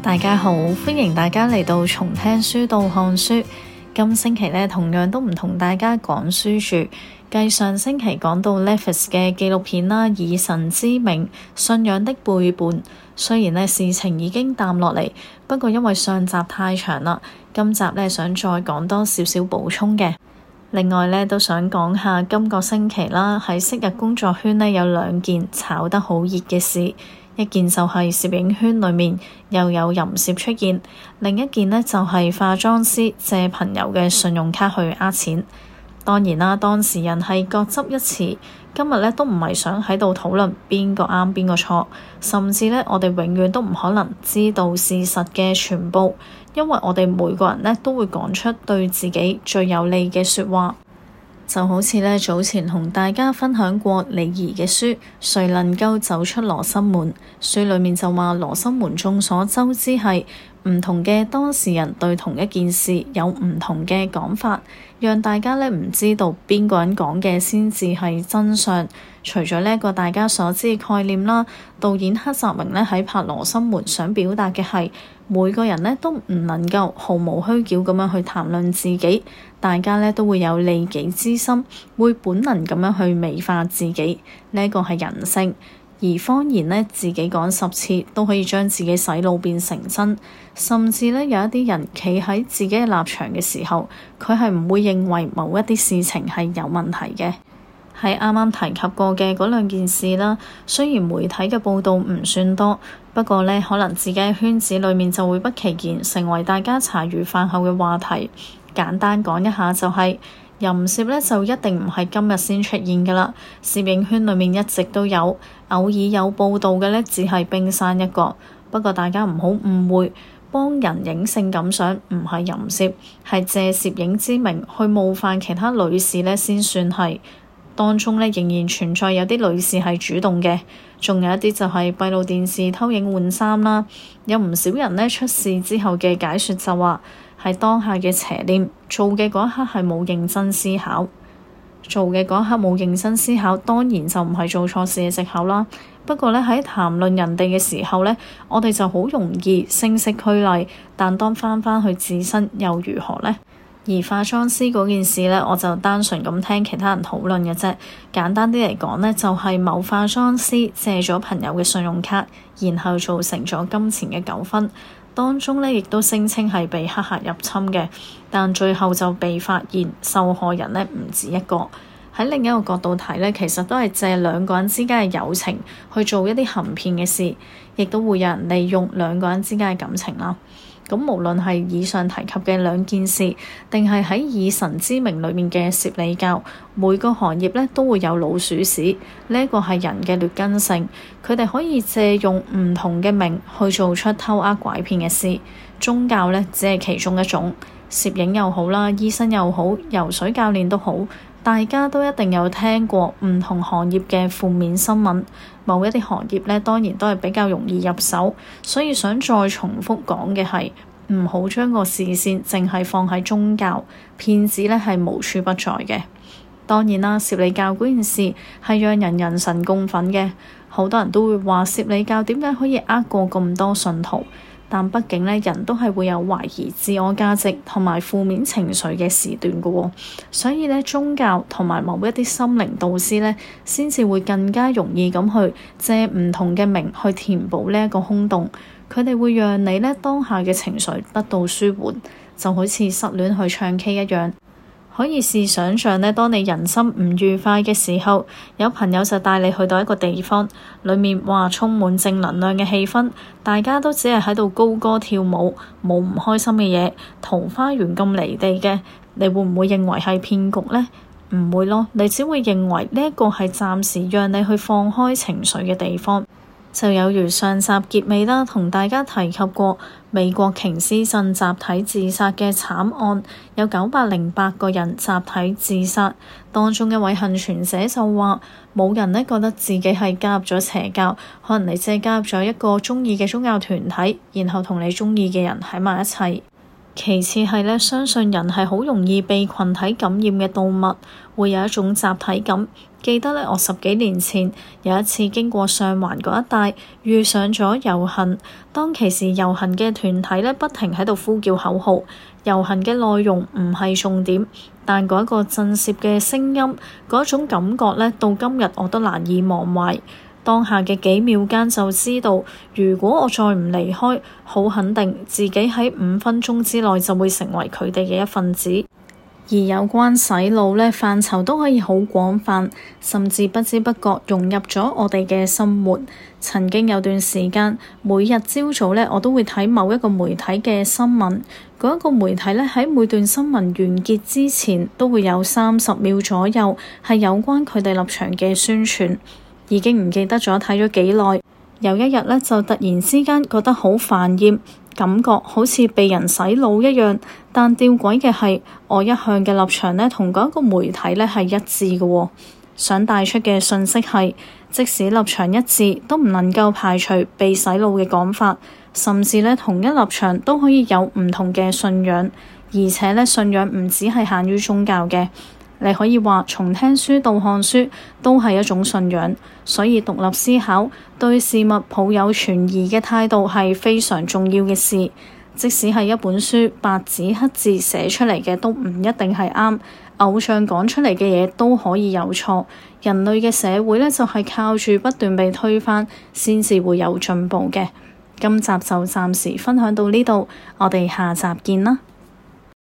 大家好，歡迎大家嚟到從聽書到看書。今星期呢，同樣都唔同大家講書住。繼上星期講到 Netflix 嘅紀錄片啦，《以神之名：信仰的背叛》。雖然呢事情已經淡落嚟，不過因為上集太長啦，今集呢想再講多少少補充嘅。另外呢，都想講下今個星期啦，喺昔日工作圈呢，有兩件炒得好熱嘅事。一件就係攝影圈裏面又有淫攝出現，另一件呢就係化妝師借朋友嘅信用卡去呃錢。當然啦，當事人係各執一詞。今日呢都唔係想喺度討論邊個啱邊個錯，甚至呢我哋永遠都唔可能知道事實嘅全部，因為我哋每個人呢都會講出對自己最有利嘅説話。就好似呢，早前同大家分享過李怡嘅書誰能夠走出羅生門，書裏面就話羅生門眾所周知係唔同嘅當事人對同一件事有唔同嘅講法，讓大家呢唔知道邊個人講嘅先至係真相。除咗呢個大家所知嘅概念啦，導演黑澤明呢喺拍《羅生門》想表達嘅係。每個人呢都唔能夠毫無虛謊咁樣去談論自己，大家呢都會有利己之心，會本能咁樣去美化自己。呢一個係人性，而謊言呢，自己講十次都可以將自己洗腦變成真，甚至呢，有一啲人企喺自己嘅立場嘅時候，佢係唔會認為某一啲事情係有問題嘅。係啱啱提及過嘅嗰兩件事啦，雖然媒體嘅報道唔算多，不過呢，可能自己圈子裡面就會不其然成為大家茶餘飯後嘅話題。簡單講一下就係淫攝呢，就一定唔係今日先出現噶啦。攝影圈裡面一直都有，偶爾有報道嘅呢，只係冰山一角。不過大家唔好誤會，幫人影性感相唔係淫攝，係借攝影之名去冒犯其他女士呢，先算係。當中呢，仍然存在有啲女士係主動嘅，仲有一啲就係閉路電視偷影換衫啦。有唔少人呢，出事之後嘅解説就話係當下嘅邪念，做嘅嗰一刻係冇認真思考，做嘅嗰一刻冇認真思考，當然就唔係做錯事嘅藉口啦。不過呢，喺談論人哋嘅時候呢，我哋就好容易聲色俱厲，但當翻返去自身又如何呢？而化妝師嗰件事呢，我就單純咁聽其他人討論嘅啫。簡單啲嚟講呢，就係某化妝師借咗朋友嘅信用卡，然後造成咗金錢嘅糾紛。當中呢，亦都聲稱係被黑客入侵嘅，但最後就被發現受害人呢，唔止一個。喺另一個角度睇呢，其實都係借兩個人之間嘅友情去做一啲行騙嘅事，亦都會有人利用兩個人之間嘅感情啦。咁無論係以上提及嘅兩件事，定係喺以神之名裏面嘅攝理教，每個行業呢都會有老鼠屎。呢一個係人嘅劣根性，佢哋可以借用唔同嘅名去做出偷呃拐騙嘅事。宗教呢，只係其中一種，攝影又好啦，醫生又好，游水教練都好。大家都一定有聽過唔同行業嘅負面新聞，某一啲行業呢當然都係比較容易入手，所以想再重複講嘅係唔好將個視線淨係放喺宗教，騙子呢，係無處不在嘅。當然啦，攝理教嗰件事係讓人人神共憤嘅，好多人都會話攝理教點解可以呃過咁多信徒。但畢竟咧，人都係會有懷疑自我價值同埋負面情緒嘅時段嘅喎、哦，所以咧宗教同埋某一啲心靈導師咧，先至會更加容易咁去借唔同嘅名去填補呢一個空洞。佢哋會讓你咧當下嘅情緒得到舒緩，就好似失戀去唱 K 一樣。可以試想像呢，當你人心唔愉快嘅時候，有朋友就帶你去到一個地方，裡面哇充滿正能量嘅氣氛，大家都只係喺度高歌跳舞，冇唔開心嘅嘢。桃花源咁離地嘅，你會唔會認為係騙局呢？唔會咯，你只會認為呢一個係暫時讓你去放開情緒嘅地方。就有如上集結尾啦，同大家提及過美國瓊斯鎮集體自殺嘅慘案，有九百零八個人集體自殺，當中一位幸存者就話，冇人咧覺得自己係加入咗邪教，可能你只係加入咗一個中意嘅宗教團體，然後同你中意嘅人喺埋一齊。其次係咧，相信人係好容易被群體感染嘅動物，會有一種集體感。記得咧，我十幾年前有一次經過上環嗰一帶，遇上咗遊行。當其時，遊行嘅團體咧不停喺度呼叫口號。遊行嘅內容唔係重點，但嗰個震攝嘅聲音，嗰種感覺咧，到今日我都難以忘懷。當下嘅幾秒間就知道，如果我再唔離開，好肯定自己喺五分鐘之內就會成為佢哋嘅一份子。而有關洗腦呢範疇都可以好廣泛，甚至不知不覺融入咗我哋嘅生活。曾經有段時間，每日朝早呢，我都會睇某一個媒體嘅新聞。嗰一個媒體呢，喺每段新聞完結之前，都會有三十秒左右係有關佢哋立場嘅宣傳。已經唔記得咗睇咗幾耐，有一日呢，就突然之間覺得好煩厭，感覺好似被人洗腦一樣。但吊詭嘅係，我一向嘅立場呢，同嗰一個媒體呢係一致嘅喎，哦。想帶出嘅訊息係，即使立場一致，都唔能夠排除被洗腦嘅講法，甚至呢，同一立場都可以有唔同嘅信仰，而且呢，信仰唔止係限於宗教嘅。你可以話從聽書到看書都係一種信仰，所以獨立思考對事物抱有存疑嘅態度係非常重要嘅事。即使係一本書白紙黑字寫出嚟嘅都唔一定係啱，偶像講出嚟嘅嘢都可以有錯。人類嘅社會呢，就係靠住不斷被推翻，先至會有進步嘅。今集就暫時分享到呢度，我哋下集見啦。